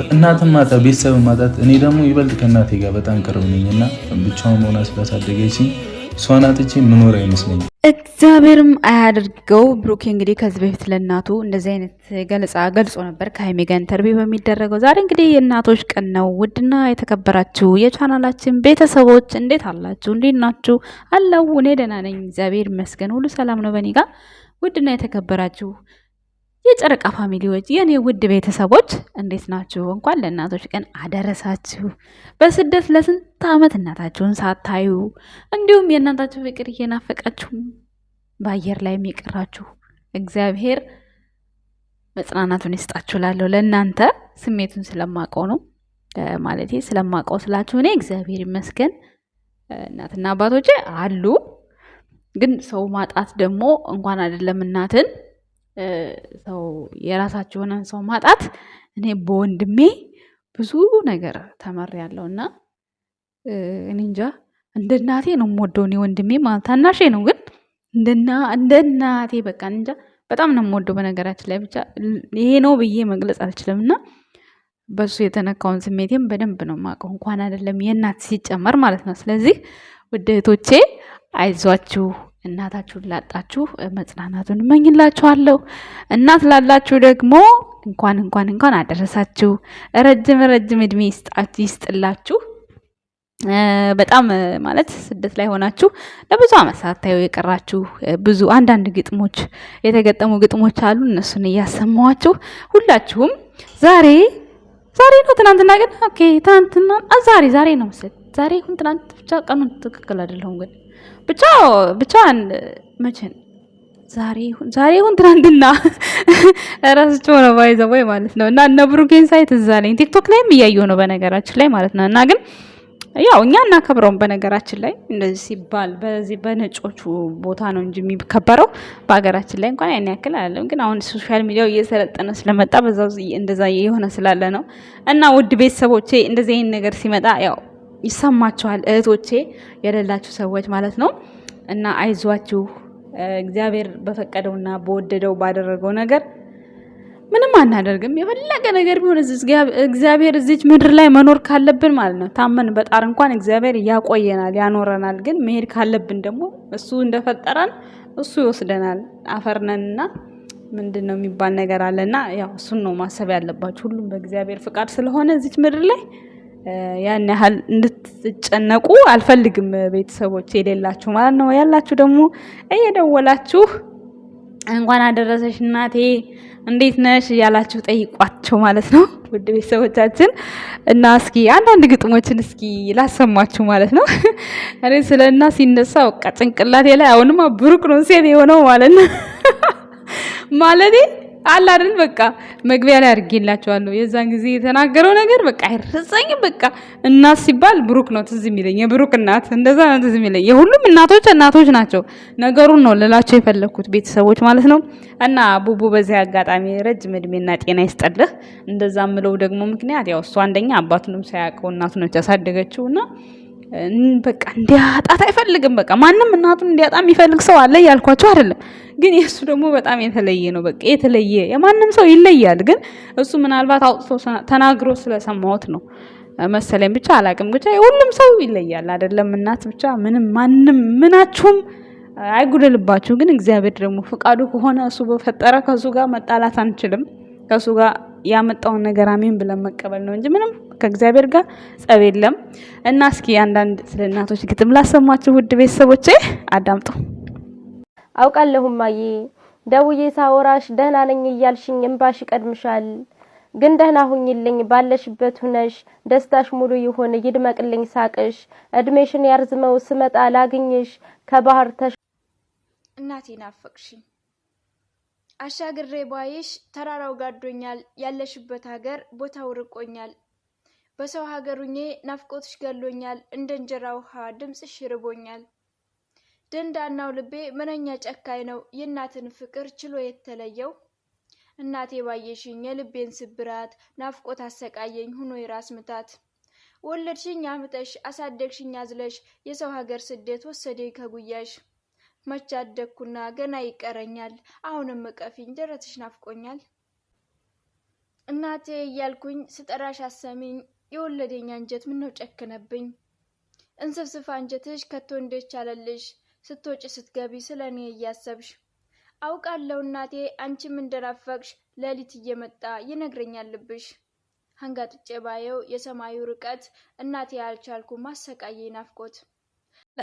እናትን ማጣት ቤተሰብ ማጣት፣ እኔ ደግሞ ይበልጥ ከእናቴ ጋር በጣም ቅርብ ነኝ እና ብቻውን ሆና ስላሳደገችኝ እሷን አጥቼ ምኖር አይመስለኝም። እግዚአብሔርም አያድርገው። ብሩኬ እንግዲህ ከዚህ በፊት ለእናቱ እንደዚህ አይነት ገለጻ ገልጾ ነበር ከሀይሜ ጋር ኢንተርቪው በሚደረገው። ዛሬ እንግዲህ የእናቶች ቀን ነው። ውድና የተከበራችሁ የቻናላችን ቤተሰቦች እንዴት አላችሁ? እንዴት ናችሁ? አለው እኔ ደህና ነኝ፣ እግዚአብሔር ይመስገን፣ ሁሉ ሰላም ነው በኔ ጋር። ውድና የተከበራችሁ የጨረቃ ፋሚሊዎች የኔ ውድ ቤተሰቦች እንዴት ናችሁ? እንኳን ለእናቶች ቀን አደረሳችሁ። በስደት ለስንት ዓመት እናታችሁን ሳታዩ እንዲሁም የእናታችሁ ፍቅር እየናፈቃችሁ በአየር ላይ የሚቀራችሁ እግዚአብሔር መጽናናቱን ይስጣችሁ። ላለሁ ለእናንተ ስሜቱን ስለማቀው ነው ማለት ስለማቀው ስላችሁ እኔ እግዚአብሔር ይመስገን እናትና አባቶቼ አሉ። ግን ሰው ማጣት ደግሞ እንኳን አይደለም እናትን ሰው የራሳችሁ የሆነን ሰው ማጣት እኔ በወንድሜ ብዙ ነገር ተመሬያለሁ እና እኔ እንጃ እንደ እናቴ ነው የምወደው። እኔ ወንድሜ ማለት ታናሼ ነው፣ ግን እንደ እናቴ በቃ እንጃ በጣም ነው የምወደው። በነገራችን ላይ ብቻ ይሄ ነው ብዬ መግለጽ አልችልም እና በሱ የተነካውን ስሜቴም በደንብ ነው የማውቀው፣ እንኳን አይደለም የእናት ሲጨመር ማለት ነው። ስለዚህ ውድ እህቶቼ አይዟችሁ። እናታችሁን ላጣችሁ መጽናናቱን እመኝላችኋለሁ። እናት ላላችሁ ደግሞ እንኳን እንኳን እንኳን አደረሳችሁ። ረጅም ረጅም እድሜ ይስጥላችሁ። በጣም ማለት ስደት ላይ ሆናችሁ ለብዙ አመት ሳታዩ የቀራችሁ ብዙ አንዳንድ ግጥሞች የተገጠሙ ግጥሞች አሉ። እነሱን እያሰማኋችሁ ሁላችሁም ዛሬ ዛሬ ነው ትናንትና ግን ኦኬ ትናንትና ዛሬ ዛሬ ነው ምስል ዛሬ ሁን ትናንት ብቻ ቀኑን ትክክል አይደለሁም ግን ብቻ ብቻ መቼን ዛሬ ይሁን ዛሬ ይሁን ትናንትና ራሳቸው ነው ባይዘ ወይ ማለት ነው። እና እነ ብሩኬን ሳይት እዛ ላይ ቲክቶክ ላይም እያየሁ ነው በነገራችን ላይ ማለት ነው። እና ግን ያው እኛ እናከብረውም በነገራችን ላይ እንደዚህ ሲባል በዚህ በነጮቹ ቦታ ነው እንጂ የሚከበረው በሀገራችን ላይ እንኳን ያን ያክል አለም። ግን አሁን ሶሻል ሚዲያው እየሰለጠነ ስለመጣ በዛ እንደዛ የሆነ ስላለ ነው። እና ውድ ቤተሰቦቼ እንደዚህ አይነት ነገር ሲመጣ ያው ይሰማችኋል እህቶቼ የሌላችሁ ሰዎች ማለት ነው። እና አይዟችሁ እግዚአብሔር በፈቀደውና በወደደው ባደረገው ነገር ምንም አናደርግም። የፈለገ ነገር ቢሆን እግዚአብሔር እዚች ምድር ላይ መኖር ካለብን ማለት ነው ታመን በጣር እንኳን እግዚአብሔር ያቆየናል፣ ያኖረናል። ግን መሄድ ካለብን ደግሞ እሱ እንደፈጠረን እሱ ይወስደናል። አፈርነንና ምንድን ነው የሚባል ነገር አለና ያው እሱን ነው ማሰብ ያለባችሁ። ሁሉም በእግዚአብሔር ፍቃድ ስለሆነ እዚች ምድር ላይ ያን ያህል እንድትጨነቁ አልፈልግም። ቤተሰቦች የሌላችሁ ማለት ነው። ያላችሁ ደግሞ እየደወላችሁ እንኳን አደረሰሽ እናቴ እንዴት ነሽ እያላችሁ ጠይቋቸው ማለት ነው። ውድ ቤተሰቦቻችን እና እስኪ አንዳንድ ግጥሞችን እስኪ ላሰማችሁ ማለት ነው። እኔ ስለ እና ሲነሳ በቃ ጭንቅላቴ ላይ አሁንማ ብሩክ ነው ሴት የሆነው ማለት ነው ማለቴ አለ አይደል በቃ መግቢያ ላይ አድርጌላቸዋለሁ። የዛን ጊዜ የተናገረው ነገር በቃ አይረሳኝም። በቃ እናት ሲባል ብሩክ ነው ትዝ የሚለኝ፣ የብሩክ እናት እንደዛ ነው ትዝ የሚለኝ። የሁሉም እናቶች እናቶች ናቸው። ነገሩን ነው ልላቸው የፈለግኩት ቤተሰቦች ማለት ነው። እና ቡቡ በዚህ አጋጣሚ ረጅም እድሜና ጤና ይስጠልህ። እንደዛ ምለው ደግሞ ምክንያት ያው እሱ አንደኛ አባቱንም ሳያውቀው እናቱ ነች ያሳደገችው እና በቃ እንዲያጣት አይፈልግም። በቃ ማንም እናቱን እንዲያጣ የሚፈልግ ሰው አለ ያልኳቸው አይደለም ግን የእሱ ደግሞ በጣም የተለየ ነው። በቃ የተለየ የማንም ሰው ይለያል። ግን እሱ ምናልባት አውጥቶ ተናግሮ ስለሰማሁት ነው መሰለኝ። ብቻ አላቅም። ብቻ ሁሉም ሰው ይለያል አይደለም? እናት ብቻ ምንም ማንም ምናችሁም አይጉደልባችሁ። ግን እግዚአብሔር ደግሞ ፍቃዱ ከሆነ እሱ በፈጠረ ከእሱ ጋር መጣላት አንችልም። ከእሱ ጋር ያመጣውን ነገር አሜን ብለን መቀበል ነው እንጂ ምንም ከእግዚአብሔር ጋር ጸብ የለም። እና እስኪ አንዳንድ ስለ እናቶች ግጥም ላሰማችሁ ውድ ቤተሰቦቼ አዳምጡ። አውቃለሁ እማዬ፣ ደውዬ ሳወራሽ ደህና ነኝ እያልሽኝ እምባሽ ይቀድምሻል። ግን ደህና ሁኝልኝ፣ ባለሽበት ሁነሽ ደስታሽ ሙሉ ይሁን፣ ይድመቅልኝ ሳቅሽ፣ እድሜሽን ያርዝመው። ስመጣ ላግኝሽ ከባህር ተሽ እናቴ ናፈቅሽኝ አሻግሬ ባይሽ ተራራው ጋዶኛል፣ ያለሽበት ሀገር ቦታው ርቆኛል። በሰው ሀገሩኜ ናፍቆትሽ ገሎኛል፣ እንደ እንጀራ ውሃ ድምፅሽ ይርቦኛል። ደንዳናው ልቤ ምንኛ ጨካኝ ነው የእናትን ፍቅር ችሎ የተለየው። እናቴ ባየሽኝ የልቤን ስብራት ናፍቆት አሰቃየኝ ሁኖ የራስ ምታት። ወለድሽኝ አምጠሽ አሳደግሽኝ አዝለሽ የሰው ሀገር ስደት ወሰደኝ ከጉያሽ። መች አደግኩና ገና ይቀረኛል አሁንም እቀፊኝ ደረትሽ ናፍቆኛል። እናቴ እያልኩኝ ስጠራሽ አሰሚኝ የወለደኝ አንጀት ምነው ጨክነብኝ። እንስፍስፍ አንጀትሽ ከቶ እንዴት ቻለልሽ ስትወጪ ስትገቢ ስለ እኔ እያሰብሽ አውቃለሁ እናቴ፣ አንቺም እንደናፈቅሽ ሌሊት እየመጣ ይነግረኛል ልብሽ። አንጋጥጬ ባየው የሰማዩ ርቀት እናቴ አልቻልኩ ማሰቃየ ናፍቆት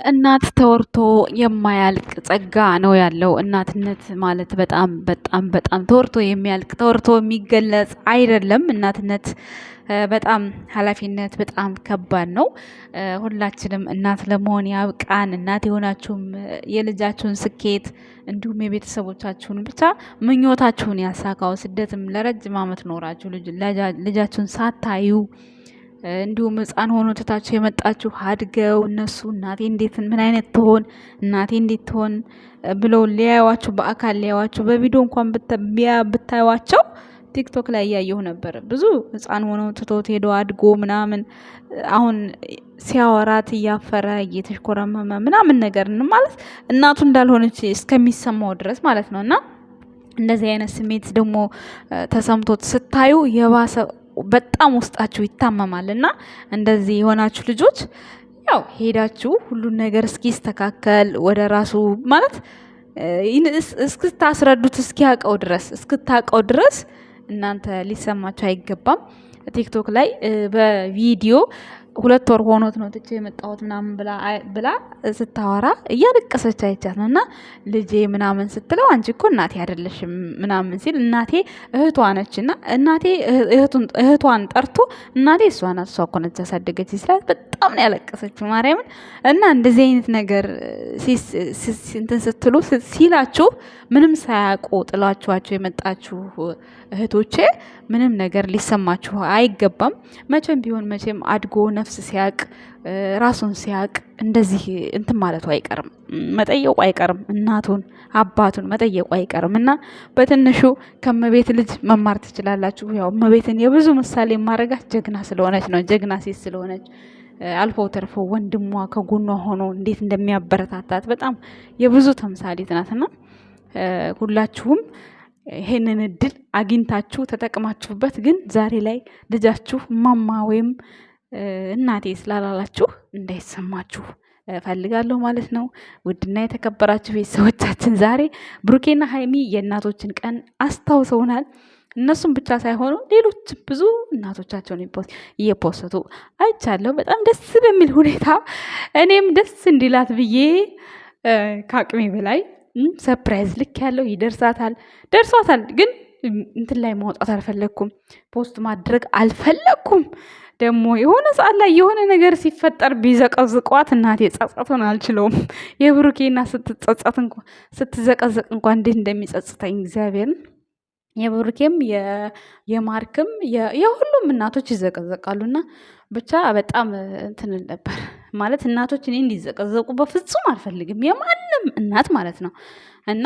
እናት ተወርቶ የማያልቅ ጸጋ ነው ያለው። እናትነት ማለት በጣም በጣም በጣም ተወርቶ የሚያልቅ ተወርቶ የሚገለጽ አይደለም። እናትነት በጣም ኃላፊነት በጣም ከባድ ነው። ሁላችንም እናት ለመሆን ያብቃን። እናት የሆናችሁም የልጃችሁን ስኬት እንዲሁም የቤተሰቦቻችሁን ብቻ ምኞታችሁን ያሳካው። ስደትም ለረጅም ዓመት ኖራችሁ ልጃችሁን ሳታዩ እንዲሁም ህፃን ሆኖ ትታችሁ የመጣችሁ አድገው እነሱ እናቴ እንዴት ምን አይነት ትሆን እናቴ እንዴት ትሆን ብለው ሊያዩዋችሁ በአካል ሊያዩዋችሁ በቪዲዮ እንኳን ብታዩዋቸው ቲክቶክ ላይ እያየሁ ነበር። ብዙ ህፃን ሆኖ ትቶት ሄዶ አድጎ ምናምን አሁን ሲያወራት እያፈረ እየተሽኮረመመ ምናምን ነገር ማለት እናቱ እንዳልሆነች እስከሚሰማው ድረስ ማለት ነው እና እንደዚህ አይነት ስሜት ደግሞ ተሰምቶት ስታዩ የባሰ በጣም ውስጣችሁ ይታመማል እና እንደዚህ የሆናችሁ ልጆች ያው ሄዳችሁ ሁሉን ነገር እስኪስተካከል ወደ ራሱ ማለት እስክታስረዱት እስኪያውቀው ድረስ እስክታውቀው ድረስ እናንተ ሊሰማችሁ አይገባም። ቲክቶክ ላይ በቪዲዮ ሁለት ወር ሆኖት ነው ትቼ የመጣሁት ምናምን ብላ ስታወራ እያለቀሰች አይቻት ነው። እና ልጄ ምናምን ስትለው አንቺ እኮ እናቴ አይደለሽም ምናምን ሲል እናቴ እህቷ ነች እና እናቴ እህቷን ጠርቶ እናቴ እሷ ናት እሷ እኮ ነች ያሳደገች ስላት በጣም ነው ያለቀሰችው ማርያምን። እና እንደዚህ አይነት ነገር እንትን ስትሉ ሲላችሁ ምንም ሳያውቁ ጥላችኋቸው የመጣችሁ እህቶቼ ምንም ነገር ሊሰማችሁ አይገባም። መቼም ቢሆን መቼም አድጎ ነፍስ ሲያቅ ራሱን ሲያቅ እንደዚህ እንትን ማለቱ አይቀርም፣ መጠየቁ አይቀርም፣ እናቱን አባቱን መጠየቁ አይቀርም። እና በትንሹ ከመቤት ልጅ መማር ትችላላችሁ። ያው መቤትን የብዙ ምሳሌ ማድረጋት ጀግና ስለሆነች ነው ጀግና ሴት ስለሆነች አልፎ ተርፎ ወንድሟ ከጎኗ ሆኖ እንዴት እንደሚያበረታታት በጣም የብዙ ተምሳሌት ናትና ሁላችሁም ይሄንን እድል አግኝታችሁ ተጠቅማችሁበት፣ ግን ዛሬ ላይ ልጃችሁ ማማ ወይም እናቴ ስላላላችሁ እንዳይሰማችሁ ፈልጋለሁ ማለት ነው። ውድና የተከበራችሁ ቤተሰቦቻችን ዛሬ ብሩኬና ሀይሚ የእናቶችን ቀን አስታውሰውናል። እነሱም ብቻ ሳይሆኑ ሌሎች ብዙ እናቶቻቸውን እየፖሰቱ አይቻለሁ። በጣም ደስ በሚል ሁኔታ እኔም ደስ እንዲላት ብዬ ከአቅሜ በላይ ሰፕራይዝ ልክ ያለው ይደርሳታል ደርሷታል። ግን እንትን ላይ ማውጣት አልፈለግኩም፣ ፖስት ማድረግ አልፈለግኩም። ደግሞ የሆነ ሰዓት ላይ የሆነ ነገር ሲፈጠር ቢዘቀዝቋት እናቴ ጸጸቱን አልችለውም። የብሩኬና ስትጸጸት ስትዘቀዘቅ እንኳን እንዴት እንደሚጸጽተኝ እግዚአብሔርን የብሩኬም የማርክም የሁሉም እናቶች ይዘቀዘቃሉ። እና ብቻ በጣም እንትን ነበር ማለት እናቶች እኔ እንዲዘቀዘቁ በፍጹም አልፈልግም፣ የማንም እናት ማለት ነው። እና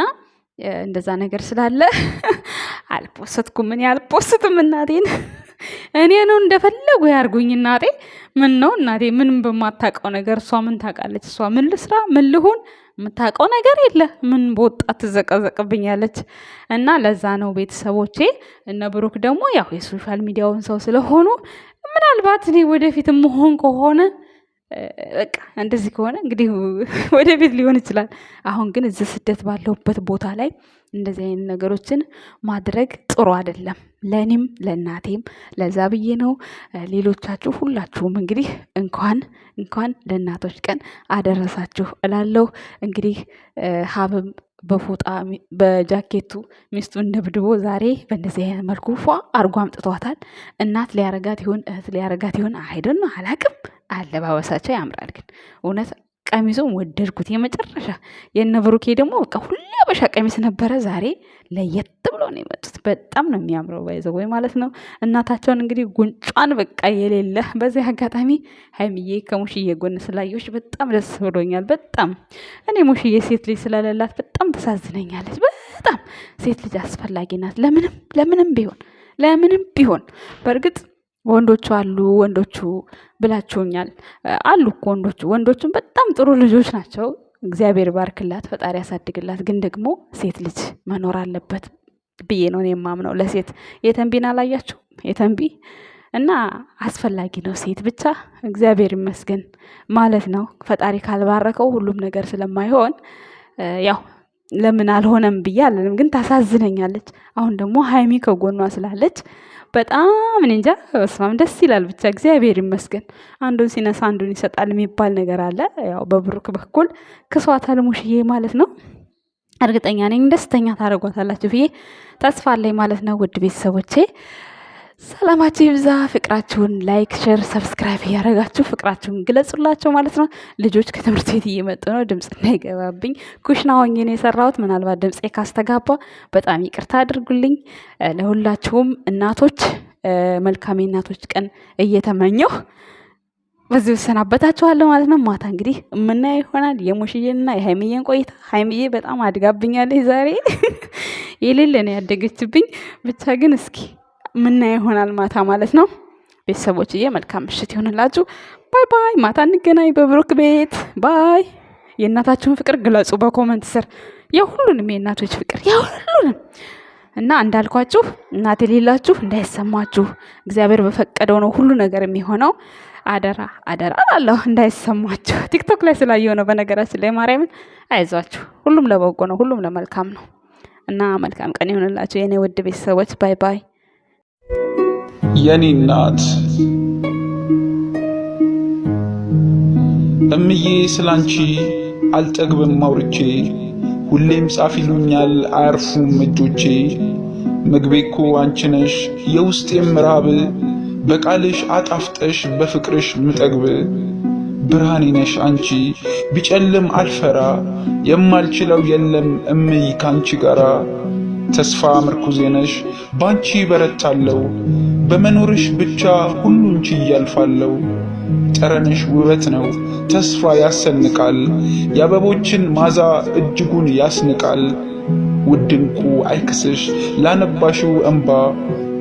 እንደዛ ነገር ስላለ አልፖሰትኩም። እኔ አልፖስትም። እናቴን እኔ ነው እንደፈለጉ ያርጉኝ። እናቴ ምን ነው እናቴ ምንም በማታውቀው ነገር እሷ ምን ታውቃለች? እሷ ምን ልስራ ምን ልሁን የምታውቀው ነገር የለ። ምን በወጣት ትዘቀዘቅብኛለች። እና ለዛ ነው ቤተሰቦቼ። እነ ብሩክ ደግሞ ያው የሶሻል ሚዲያውን ሰው ስለሆኑ ምናልባት እኔ ወደፊት መሆን ከሆነ በቃ እንደዚህ ከሆነ እንግዲህ ወደ ቤት ሊሆን ይችላል። አሁን ግን እዚህ ስደት ባለሁበት ቦታ ላይ እንደዚህ አይነት ነገሮችን ማድረግ ጥሩ አይደለም፣ ለእኔም ለእናቴም ለዛ ብዬ ነው። ሌሎቻችሁ ሁላችሁም እንግዲህ እንኳን እንኳን ለእናቶች ቀን አደረሳችሁ እላለሁ። እንግዲህ ሀብም በፎጣ በጃኬቱ ሚስቱን ደብድቦ ዛሬ በእንደዚህ አይነት መልኩ ፏ አርጎ አምጥቷታል። እናት ሊያረጋት ይሆን እህት ሊያረጋት ይሆን አይደን አላቅም። አለባበሳቸው ያምራል። ግን እውነት ቀሚሱን ወደድኩት የመጨረሻ። የነብሩኬ ብሩኬ ደግሞ በቃ ሁሉ አበሻ ቀሚስ ነበረ፣ ዛሬ ለየት ብሎ ነው የመጡት። በጣም ነው የሚያምረው፣ ባይዘ ወይ ማለት ነው። እናታቸውን እንግዲህ ጉንጯን በቃ የሌለ። በዚህ አጋጣሚ ሀይምዬ ከሙሽዬ ጎን ስላየች በጣም ደስ ብሎኛል። በጣም እኔ ሙሽዬ ሴት ልጅ ስለሌላት በጣም ተሳዝነኛለች። በጣም ሴት ልጅ አስፈላጊ ናት፣ ለምንም ለምንም ቢሆን ለምንም ቢሆን በእርግጥ ወንዶቹ አሉ ወንዶቹ ብላችሁኛል አሉ እኮ ወንዶቹ ወንዶቹም በጣም ጥሩ ልጆች ናቸው። እግዚአብሔር ባርክላት፣ ፈጣሪ ያሳድግላት። ግን ደግሞ ሴት ልጅ መኖር አለበት ብዬ ነው የማምነው። ለሴት የተንቢን አላያችሁ የተንቢ እና አስፈላጊ ነው ሴት ብቻ እግዚአብሔር ይመስገን ማለት ነው። ፈጣሪ ካልባረከው ሁሉም ነገር ስለማይሆን ያው ለምን አልሆነም ብዬ አለንም፣ ግን ታሳዝነኛለች። አሁን ደግሞ ሀይሚ ከጎኗ ስላለች በጣም እኔ እንጃ በስማም ደስ ይላል። ብቻ እግዚአብሔር ይመስገን። አንዱን ሲነሳ አንዱን ይሰጣል የሚባል ነገር አለ። ያው በብሩክ በኩል ክሷታል ሙሽዬ ማለት ነው። እርግጠኛ ነኝ ደስተኛ ታደርጓታላችሁ ብዬ ተስፋ አለኝ ማለት ነው ውድ ቤተሰቦቼ። ሰላማችሁ ይብዛ። ፍቅራችሁን ላይክ፣ ሼር፣ ሰብስክራይብ እያደረጋችሁ ፍቅራችሁን ግለጹላቸው ማለት ነው። ልጆች ከትምህርት ቤት እየመጡ ነው፣ ድምፅ እንዳይገባብኝ ኩሽና ሆኜ ነው የሰራሁት። ምናልባት ድምፄ ካስተጋባ በጣም ይቅርታ አድርጉልኝ። ለሁላችሁም እናቶች መልካም እናቶች ቀን እየተመኘሁ በዚህ እሰናበታችኋለሁ ማለት ነው። ማታ እንግዲህ የምናየው ይሆናል የሙሽዬንና የሀይምዬን ቆይታ። ሀይምዬ በጣም አድጋብኛለች ዛሬ የሌለ ነው ያደገችብኝ። ብቻ ግን እስኪ ምና ይሆናል ማታ ማለት ነው። ቤተሰቦችዬ መልካም ምሽት ይሆንላችሁ። ባይ ባይ። ማታ እንገናኝ በብሩክ ቤት። ባይ። የእናታችሁን ፍቅር ግለጹ በኮመንት ስር የሁሉንም የእናቶች ፍቅር የሁሉንም እና እንዳልኳችሁ እናት የሌላችሁ እንዳይሰማችሁ እግዚአብሔር በፈቀደው ነው ሁሉ ነገር የሚሆነው። አደራ አደራ አላለሁ እንዳይሰማችሁ። ቲክቶክ ላይ ስላየው ነው በነገራችን ላይ ማርያምን። አይዟችሁ፣ ሁሉም ለበጎ ነው፣ ሁሉም ለመልካም ነው እና መልካም ቀን ይሆንላችሁ የእኔ ውድ ቤተሰቦች። ባይ ባይ። የኔ እናት እምዬ ስላንቺ አልጠግብም አውርቼ ሁሌም ጻፍ ይሉኛል አያርፉም እጆቼ። ምግቤ እኮ አንቺ ነሽ የውስጤም ራብ በቃልሽ አጣፍጠሽ በፍቅርሽ ምጠግብ ብርሃኔ ነሽ አንቺ ቢጨልም አልፈራ የማልችለው የለም እምይ ካንቺ ጋራ ተስፋ ምርኩዜ ነሽ፣ ባንቺ በረታለው፣ በመኖርሽ ብቻ ሁሉን ችዬ አልፋለው። ጠረንሽ ውበት ነው፣ ተስፋ ያሰንቃል፣ የአበቦችን ማዛ እጅጉን ያስንቃል። ውድ እንቁ አይክስሽ ላነባሽው እንባ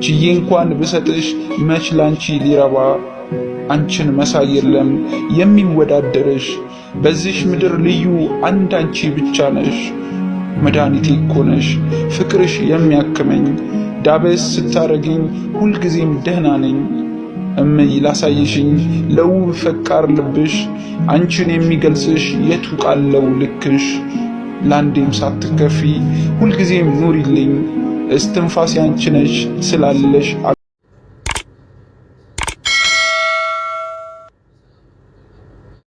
ችዬ እንኳን ብሰጥሽ መች ላንቺ ሊረባ አንቺን መሳይ የለም የሚወዳደርሽ በዚሽ ምድር ልዩ አንድ አንቺ ብቻ ነሽ። መድኃኒቴ እኮ ነሽ፣ ፍቅርሽ የሚያክመኝ ዳበስ ስታረግኝ ሁልጊዜም ደህና ነኝ። እመይ ላሳይሽኝ ለውብ ፈቃር ልብሽ አንቺን የሚገልጽሽ የቱ ቃለው ልክሽ ለአንዴም ሳትከፊ ሁልጊዜም ኑሪልኝ እስትንፋሴ አንቺ ነሽ ስላለሽ